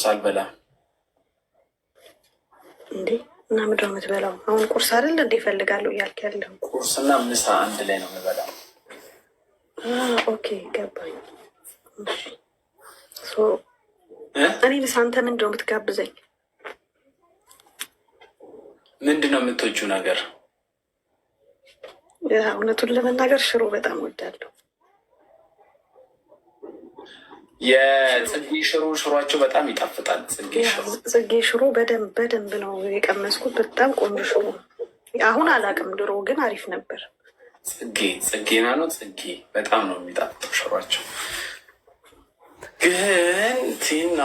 ቁርስ አልበላም እንዴ? እና ምንድን ነው የምትበላው አሁን? ቁርስ አይደል እንዴ እፈልጋለሁ እያልክ ያለው? ቁርስና ምሳ አንድ ላይ ነው የምበላው። ኦኬ ገባኝ። እኔ ምሳ አንተ ምንድን ነው የምትጋብዘኝ? ምንድን ነው የምትወጂው ነገር? እውነቱን ለመናገር ሽሮ በጣም ወዳለሁ። የጽጌ ሽሮ ሽሯቸው በጣም ይጣፍጣል። ጽጌ ሽሮ ጽጌ በደንብ በደንብ ነው የቀመስኩት። በጣም ቆንጆ ሽሮ አሁን አላውቅም፣ ድሮ ግን አሪፍ ነበር። ጽጌ ጽጌና ነው ጽጌ በጣም ነው የሚጣፍጠው ሽሯቸው። ግን ቲና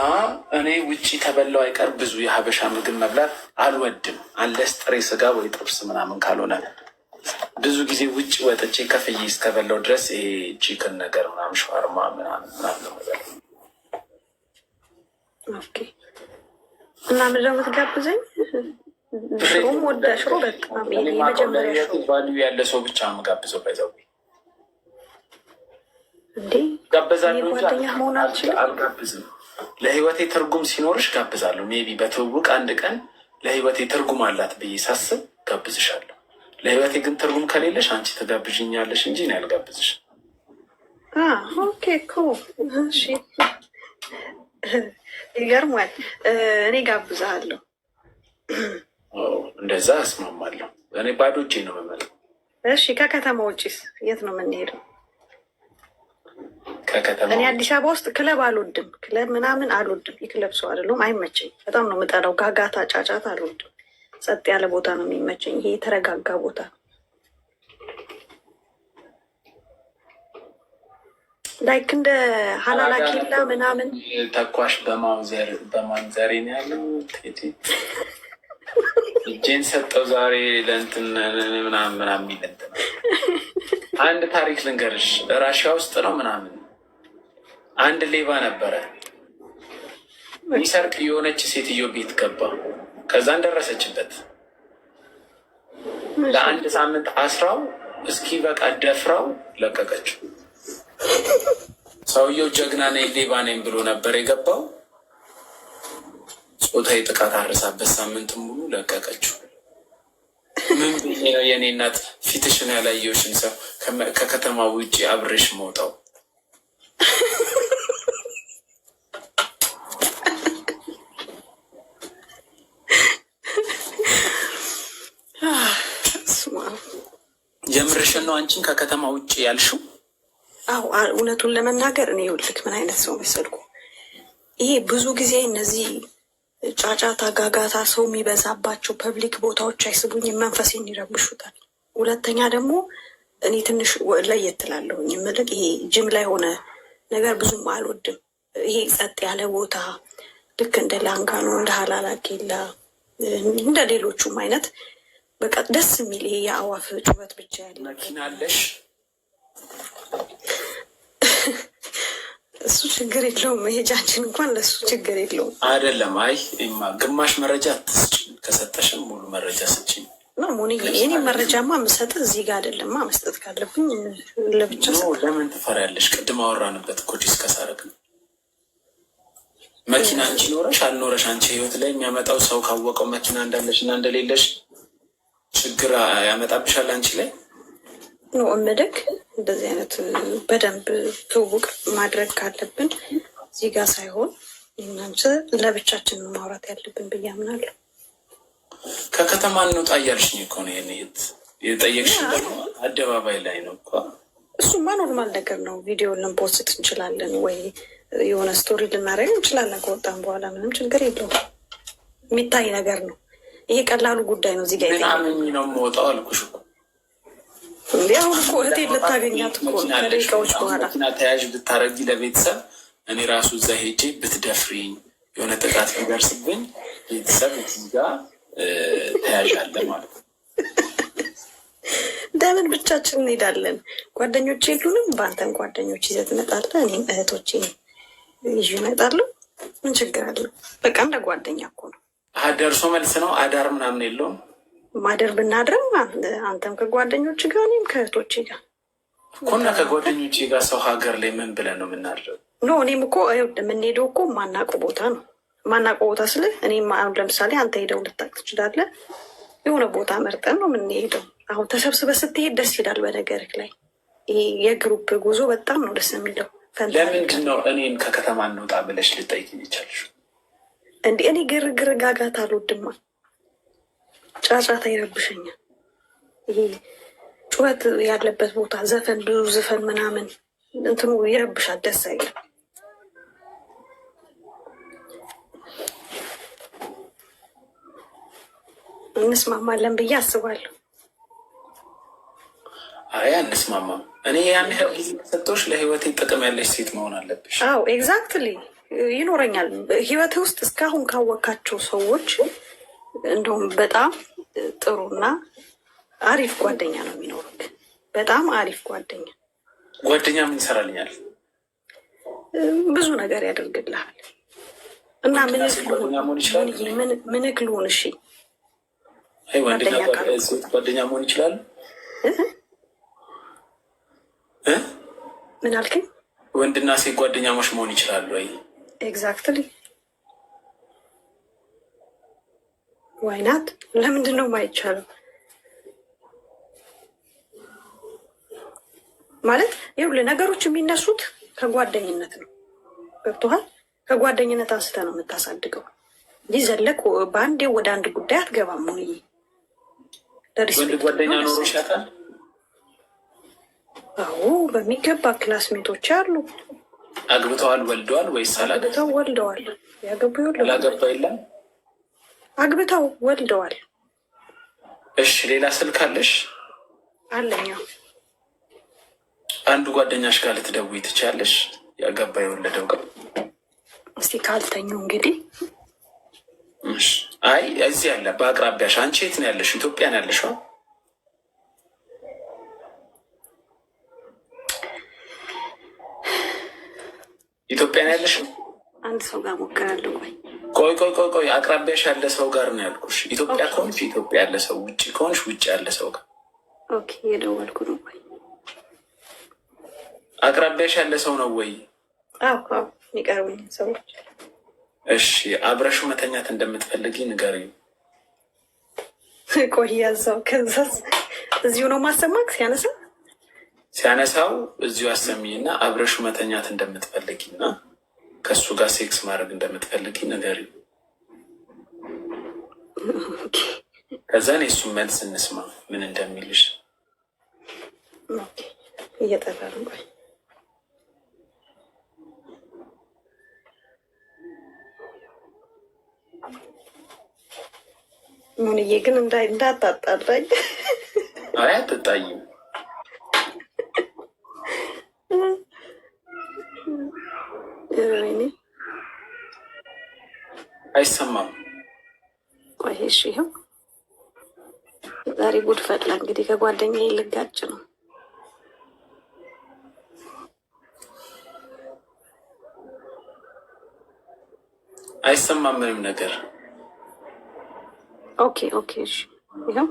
እኔ ውጭ ተበላው አይቀር ብዙ የሀበሻ ምግብ መብላት አልወድም፣ አለስ ጥሬ ስጋ ወይ ጥብስ ምናምን ካልሆነ ብዙ ጊዜ ውጭ ወጥቼ ከፍዬ እስከበላው ድረስ ይሄ ቺክን ነገር ምናምን ሸዋርማ ምናምን ምናምን ነው እና ምዛ ምትጋብዘኝ ሽሮም ሽሮ በጣም ያለ ሰው ብቻ ባይዘው እንዴ ጋበዛለሁ ጓደኛ መሆን አልጋብዝም። ለህይወቴ ትርጉም ሲኖርሽ ጋብዛለሁ። ሜይ ቢ በትውውቅ አንድ ቀን ለህይወቴ ትርጉም አላት ብዬ ሳስብ ጋብዝሻለሁ። ለህይወቴ ግን ትርጉም ከሌለሽ አንቺ ትጋብዥኛለሽ እንጂ ያልጋብዝሽ። ኦኬ እሺ ይገርማል። እኔ ጋብዛለሁ። እንደዛ አስማማለሁ። እኔ ባዶ እጄ ነው የምመጣው። እሺ፣ ከከተማ ውጭስ የት ነው የምንሄደው? እኔ አዲስ አበባ ውስጥ ክለብ አልወድም። ክለብ ምናምን አልወድም። የክለብ ሰው አይደለም፣ አይመቸኝ። በጣም ነው የምጠላው። ጋጋታ፣ ጫጫት አልወድም። ጸጥ ያለ ቦታ ነው የሚመቸኝ። ይሄ የተረጋጋ ቦታ ላይክ እንደ ሀላላ ኬላ ምናምን ተኳሽ በማንዘሬ ነው ያለው። እጄን ሰጠው ዛሬ ለእንትን ምናምን ምናምን ይለት አንድ ታሪክ ልንገርሽ። ራሽያ ውስጥ ነው ምናምን አንድ ሌባ ነበረ ሚሰርቅ የሆነች ሴትዮ ቤት ገባ። ከዛን ደረሰችበት። ለአንድ ሳምንት አስራው እስኪ በቃ ደፍራው ለቀቀችው። ሰውየው ጀግና ነኝ ሌባ ነኝ ብሎ ነበር የገባው። ጾታዊ ጥቃት አርሳበት ሳምንት ሙሉ ለቀቀችው። ምን ብዬ ነው የእኔ እናት ፊትሽን ያላየሽን ሰው ከከተማ ውጭ አብሬሽ መውጣው የምርሽን ነው አንቺን ከከተማ ውጭ ያልሽው? አሁ እውነቱን ለመናገር እኔ ውልክ ምን አይነት ሰው መሰልኩ፣ ይሄ ብዙ ጊዜ እነዚህ ጫጫታ፣ ጋጋታ ሰው የሚበዛባቸው ፐብሊክ ቦታዎች አይስቡኝም፣ መንፈሴን ይረብሹታል። ሁለተኛ ደግሞ እኔ ትንሽ ለየት እላለሁኝ የምልህ ይሄ ጅም ላይ ሆነ ነገር ብዙም አልወድም። ይሄ ጸጥ ያለ ቦታ ልክ እንደ ላንጋኖ እንደ ሀላላኬላ እንደ ሌሎቹም አይነት በቃ ደስ የሚል ይሄ የአዋፍ ጩኸት ብቻ ያለ እሱ ችግር የለውም። መሄጃችን እንኳን ለእሱ ችግር የለውም። አይደለም አይ ማ ግማሽ መረጃ አትስጭን፣ ከሰጠሽም ሙሉ መረጃ ስጭኝ። የኔ መረጃማ ምሰጥ እዚህ ጋር አይደለማ። መስጠት ካለብኝ ለብቻ ለምን ትፈሪያለሽ? ቅድም አወራንበት እኮ ዲስከስ አደረግን። መኪና አንቺ ኖረሽ አልኖረሽ አንቺ ህይወት ላይ የሚያመጣው ሰው ካወቀው መኪና እንዳለሽ እና እንደሌለሽ ችግር ያመጣብሻል አንቺ ላይ ነው እምልክ። እንደዚህ አይነት በደንብ ትውውቅ ማድረግ ካለብን እዚህ ጋር ሳይሆን እናንተ ለብቻችን ማውራት ያለብን ብዬ አምናለሁ። ከከተማ እንውጣ እያልሽኝ እኮ ነው የኔት የጠየቅሽ ደግሞ አደባባይ ላይ ነው እኮ። እሱማ ኖርማል ነገር ነው። ቪዲዮ ልንፖስት እንችላለን ወይ የሆነ ስቶሪ ልናደርግ እንችላለን። ከወጣን በኋላ ምንም ችግር የለውም። የሚታይ ነገር ነው። ይሄ ቀላሉ ጉዳይ ነው። እዚህ ጋ ነው የምወጣው አልኩሽ እኮ አሁን እኮ እህቴ ልታገኛት እኮ ከደቂቃዎች በኋላ መኪና ተያዥ ብታረጊ ለቤተሰብ እኔ ራሱ እዛ ሄጄ ብትደፍሪኝ የሆነ ጥቃት ሊደርስብኝ ቤተሰብ ጋ ተያዥ አለ ማለት ነው። ለምን ብቻችን እንሄዳለን? ጓደኞች የሉንም? በአንተን ጓደኞች ይዘህ ትመጣለህ፣ እኔም እህቶቼን ይዤ እመጣለሁ። ምን ችግር አለ? በቃ እንደ ጓደኛ እኮ ነው። ደርሶ መልስ ነው። አዳር ምናምን የለውም ማደር ብናድርም አንተም ከጓደኞች ጋር እኔም ከእህቶቼ ጋር እኮና ከጓደኞች ጋር ሰው ሀገር ላይ ምን ብለን ነው የምናድረው? ኖ እኔም እኮ የምንሄደው እኮ ማናውቀው ቦታ ነው። ማናውቀው ቦታ ስለ እኔም አሁን ለምሳሌ አንተ ሄደው ልታቅ ትችላለህ። የሆነ ቦታ መርጠን ነው የምንሄደው። አሁን ተሰብስበ ስትሄድ ደስ ይላል። በነገርህ ላይ ይሄ የግሩፕ ጉዞ በጣም ነው ደስ የሚለው። ለምንድን ነው እኔም ከከተማ እንውጣ ብለሽ ልጠይቅ ይቻልሽ? እንዲህ እኔ ግርግር ጋጋት አልወድማ ጫጫታ ይረብሸኛል። ይሄ ጩኸት ያለበት ቦታ ዘፈን፣ ብዙ ዘፈን ምናምን እንትኑ ይረብሻል፣ ደስ አይልም። እንስማማለን ብዬ አስባለሁ። አይ አንስማማም። እኔ ያን ያህል ጊዜ ሰጠሽ፣ ለህይወቴ ጥቅም ያለች ሴት መሆን አለብሽ። አዎ ኤግዛክትሊ ይኖረኛል ህይወት ውስጥ እስካሁን ካወቃቸው ሰዎች እንዲሁም በጣም ጥሩና አሪፍ ጓደኛ ነው የሚኖሩት። በጣም አሪፍ ጓደኛ ጓደኛ ምን ይሰራልኛል? ብዙ ነገር ያደርግልሃል እና ምንክ ልሆን እሺ፣ ጓደኛ መሆን ይችላል። ምን አልከኝ? ወንድና ሴት ጓደኛሞች መሆን ይችላሉ ወይ? ኤግዛክትሊ ዋይናት ለምንድን ነው ማይቻለው? ማለት ይኸውልህ ነገሮች የሚነሱት ከጓደኝነት ነው። ገብቶሃል? ከጓደኝነት አንስተ ነው የምታሳድገው። ይህ ዘለቅ በአንዴ ወደ አንድ ጉዳይ አትገባም። ሆ ጓደኛ ኖሮ ይሻታል። አዎ በሚገባ ክላስሜቶች አሉ። አግብተዋል፣ ወልደዋል ወይስ አላግብተው ወልደዋል። ያገቡ ላገባ የለም አግብተው ወልደዋል። እሺ ሌላ ስልክ አለሽ? አለኛ አንዱ ጓደኛሽ ጋር ልትደውይ ትችያለሽ። ያገባ የወለደው ጋር እስቲ ካልተኙ እንግዲህ አይ እዚህ ያለ በአቅራቢያሽ። አንቺ የት ነው ያለሽ? ኢትዮጵያ ነው ያለሽው? ኢትዮጵያ ነው ያለሽ? አንድ ሰው ጋር ሞክራለሁ ቆይ ቆይ ቆይ ቆይ ቆይ አቅራቢያሽ ያለ ሰው ጋር ነው ያልኩሽ። ኢትዮጵያ ከሆንሽ ኢትዮጵያ ያለ ሰው፣ ውጭ ከሆንሽ ውጭ ያለ ሰው ጋር። ኦኬ የደወልኩ ነው። ወይ አቅራቢያሽ ያለ ሰው ነው ወይ? አዎ የሚቀርቡኝ ሰዎች። እሺ አብረሹ መተኛት እንደምትፈልጊ ንገሪኝ። ቆይ ያዛው ከዛስ፣ እዚሁ ነው ማሰማክ ሲያነሳ ሲያነሳው እዚሁ አሰሚና አብረሹ መተኛት እንደምትፈልጊና ከእሱ ጋር ሴክስ ማድረግ እንደምትፈልጊ ንገሪው። ከዛ ኔ እሱን መልስ እንስማ ምን እንደሚልሽ እየጠራ ነው። ሙንዬ ግን እንዳታጣራኝ። አይ አትጣይም። አይሰማም። ቆይ እሺ፣ ይኸው ዛሬ ጉድ ፈላ። እንግዲህ ከጓደኛ ልጋጭ ነው። አይሰማም ምንም ነገር። ኦኬ ኦኬ፣ እሺ፣ ይኸው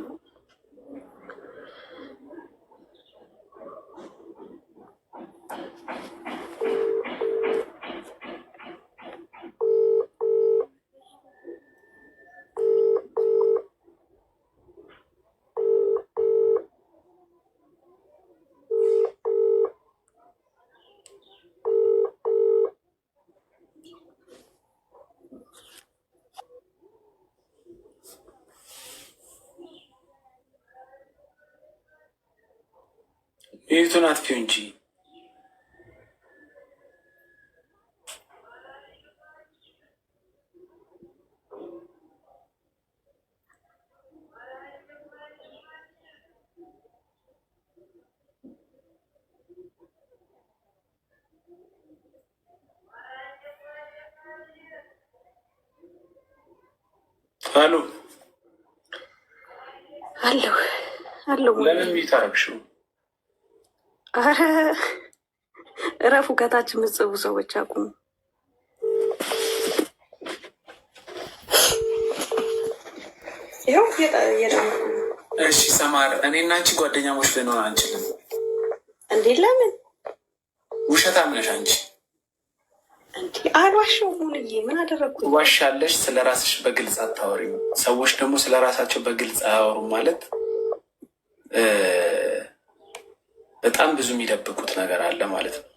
የቱን አጥፊው እንጂ አለሁ አለሁ ለምን ታረግሽው? እረፉ። ከታች የምጽቡ ሰዎች አቁሙ። እሺ ሰማር፣ እኔ እና አንቺ ጓደኛሞች ልንሆን አንችልም። እንዴ ለምን? ውሸታም ነሽ አንቺ። አልዋሸሁም። ሙሉዬ፣ ምን አደረግኩኝ? ዋሻለሽ። ስለ ራስሽ በግልጽ አታወሪም። ሰዎች ደግሞ ስለ ራሳቸው በግልጽ አያወሩም ማለት በጣም ብዙ የሚደብቁት ነገር አለ ማለት ነው።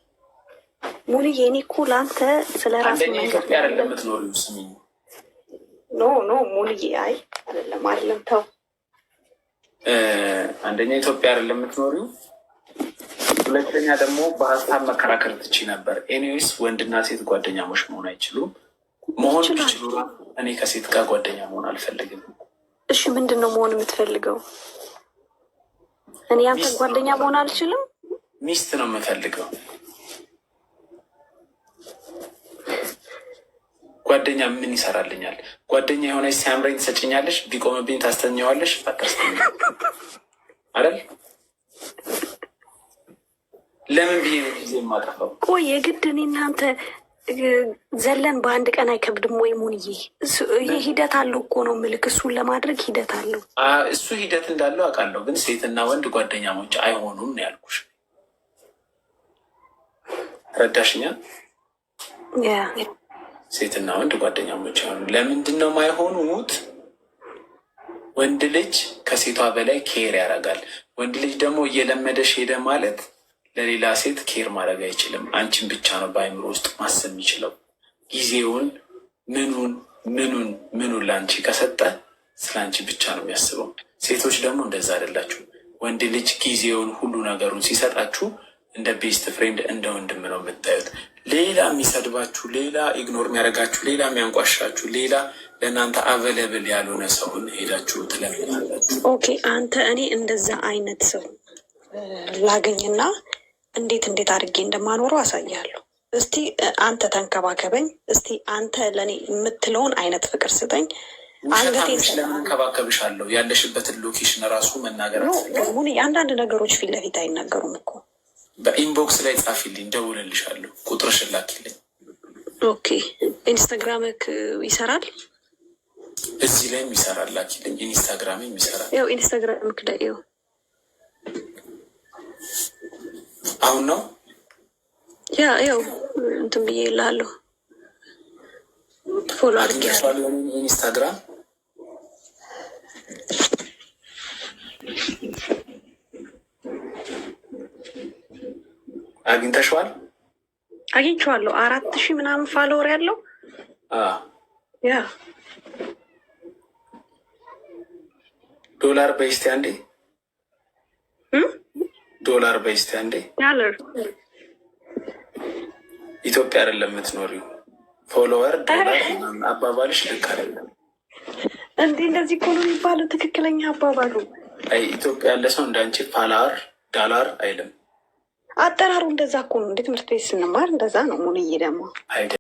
ሙሉዬ እኔ እኮ ለአንተ ስለ ራሱ ኢትዮጵያ አይደለም የምትኖሪው። ስሚኝ፣ ኖ ኖ ሙሉዬ፣ አይ አይደለም አይደለም፣ ተው። አንደኛ ኢትዮጵያ አይደለም የምትኖሪው፣ ሁለተኛ ደግሞ በሀሳብ መከራከር ትች ነበር። ኤኒዌይስ ወንድና ሴት ጓደኛሞች መሆን አይችሉም። መሆን ቢችሉ እኔ ከሴት ጋር ጓደኛ መሆን አልፈልግም። እሺ፣ ምንድን ነው መሆን የምትፈልገው? እኔ አንተ ጓደኛ መሆን አልችልም። ሚስት ነው የምፈልገው። ጓደኛ ምን ይሰራልኛል? ጓደኛ የሆነች ሲያምረኝ ትሰጭኛለሽ፣ ቢቆምብኝ ታስተኛዋለሽ። ፈቀስ አይደል? ለምን ብዬ ጊዜ የማጠፋው? ቆይ የግድ እኔ እናንተ ዘለን በአንድ ቀን አይከብድም ወይ? ሙንዬ ይህ ሂደት አለው እኮ ነው ምልክ እሱን ለማድረግ ሂደት አለው። እሱ ሂደት እንዳለው አውቃለሁ፣ ግን ሴትና ወንድ ጓደኛሞች አይሆኑም ነው ያልኩሽ። ረዳሽኛ ሴትና ወንድ ጓደኛሞች አይሆኑም። ለምንድን ነው ማይሆኑት? ወንድ ልጅ ከሴቷ በላይ ኬር ያደርጋል። ወንድ ልጅ ደግሞ እየለመደሽ ሄደ ማለት ለሌላ ሴት ኬር ማድረግ አይችልም። አንቺን ብቻ ነው በአይምሮ ውስጥ ማሰብ የሚችለው። ጊዜውን ምኑን ምኑን ምኑን ለአንቺ ከሰጠ ስለ አንቺ ብቻ ነው የሚያስበው። ሴቶች ደግሞ እንደዛ አይደላችሁ። ወንድ ልጅ ጊዜውን ሁሉ ነገሩን ሲሰጣችሁ እንደ ቤስት ፍሬንድ እንደ ወንድም ነው የምታዩት። ሌላ የሚሰድባችሁ፣ ሌላ ኢግኖር የሚያደርጋችሁ፣ ሌላ የሚያንቋሻችሁ፣ ሌላ ለእናንተ አቨለብል ያልሆነ ሰውን ሄዳችሁ ትለምናላችሁ። ኦኬ አንተ እኔ እንደዛ አይነት ሰው ላገኝና እንዴት እንዴት አድርጌ እንደማኖረው አሳያለሁ። እስቲ አንተ ተንከባከበኝ፣ እስቲ አንተ ለእኔ የምትለውን አይነት ፍቅር ስጠኝ። አንገቴለምንከባከብሻለሁ ያለሽበትን ሎኬሽን ራሱ መናገር አንዳንድ ነገሮች ፊት ለፊት አይናገሩም እኮ በኢንቦክስ ላይ ጻፊልኝ፣ ደውልልሻለሁ፣ ቁጥርሽን ላኪልኝ። ኦኬ ኢንስታግራምክ ይሰራል፣ እዚህ ላይም ይሰራል፣ ላኪልኝ። ኢንስታግራምም ይሰራል። ያው ኢንስታግራምክ ላይ ው አሁን ነው ያ ያው እንትን ብዬ ይልሃለሁ። ፎሎ አድርጌያለሁ ኢንስታግራም አግኝተሽዋል? አራት ሺህ ምናምን ፋሎወር ያለው ያ ዶላር በይስቲ አንዴ ዶላር በይስቲ አንዴ። ኢትዮጵያ አይደለም የምትኖሪው። ፎሎወር አባባልሽ ልክ አይደለም። እንዲ እንደዚህ እኮ ነው የሚባለው ትክክለኛ አባባሉ። አይ ኢትዮጵያ ያለ ሰው እንዳንቺ ፓላር ዳላር አይልም። አጠራሩ እንደዛ እኮ ነው። እንደ ትምህርት ቤት ስንማር እንደዛ ነው። ሙሉዬ ደግሞ አይደ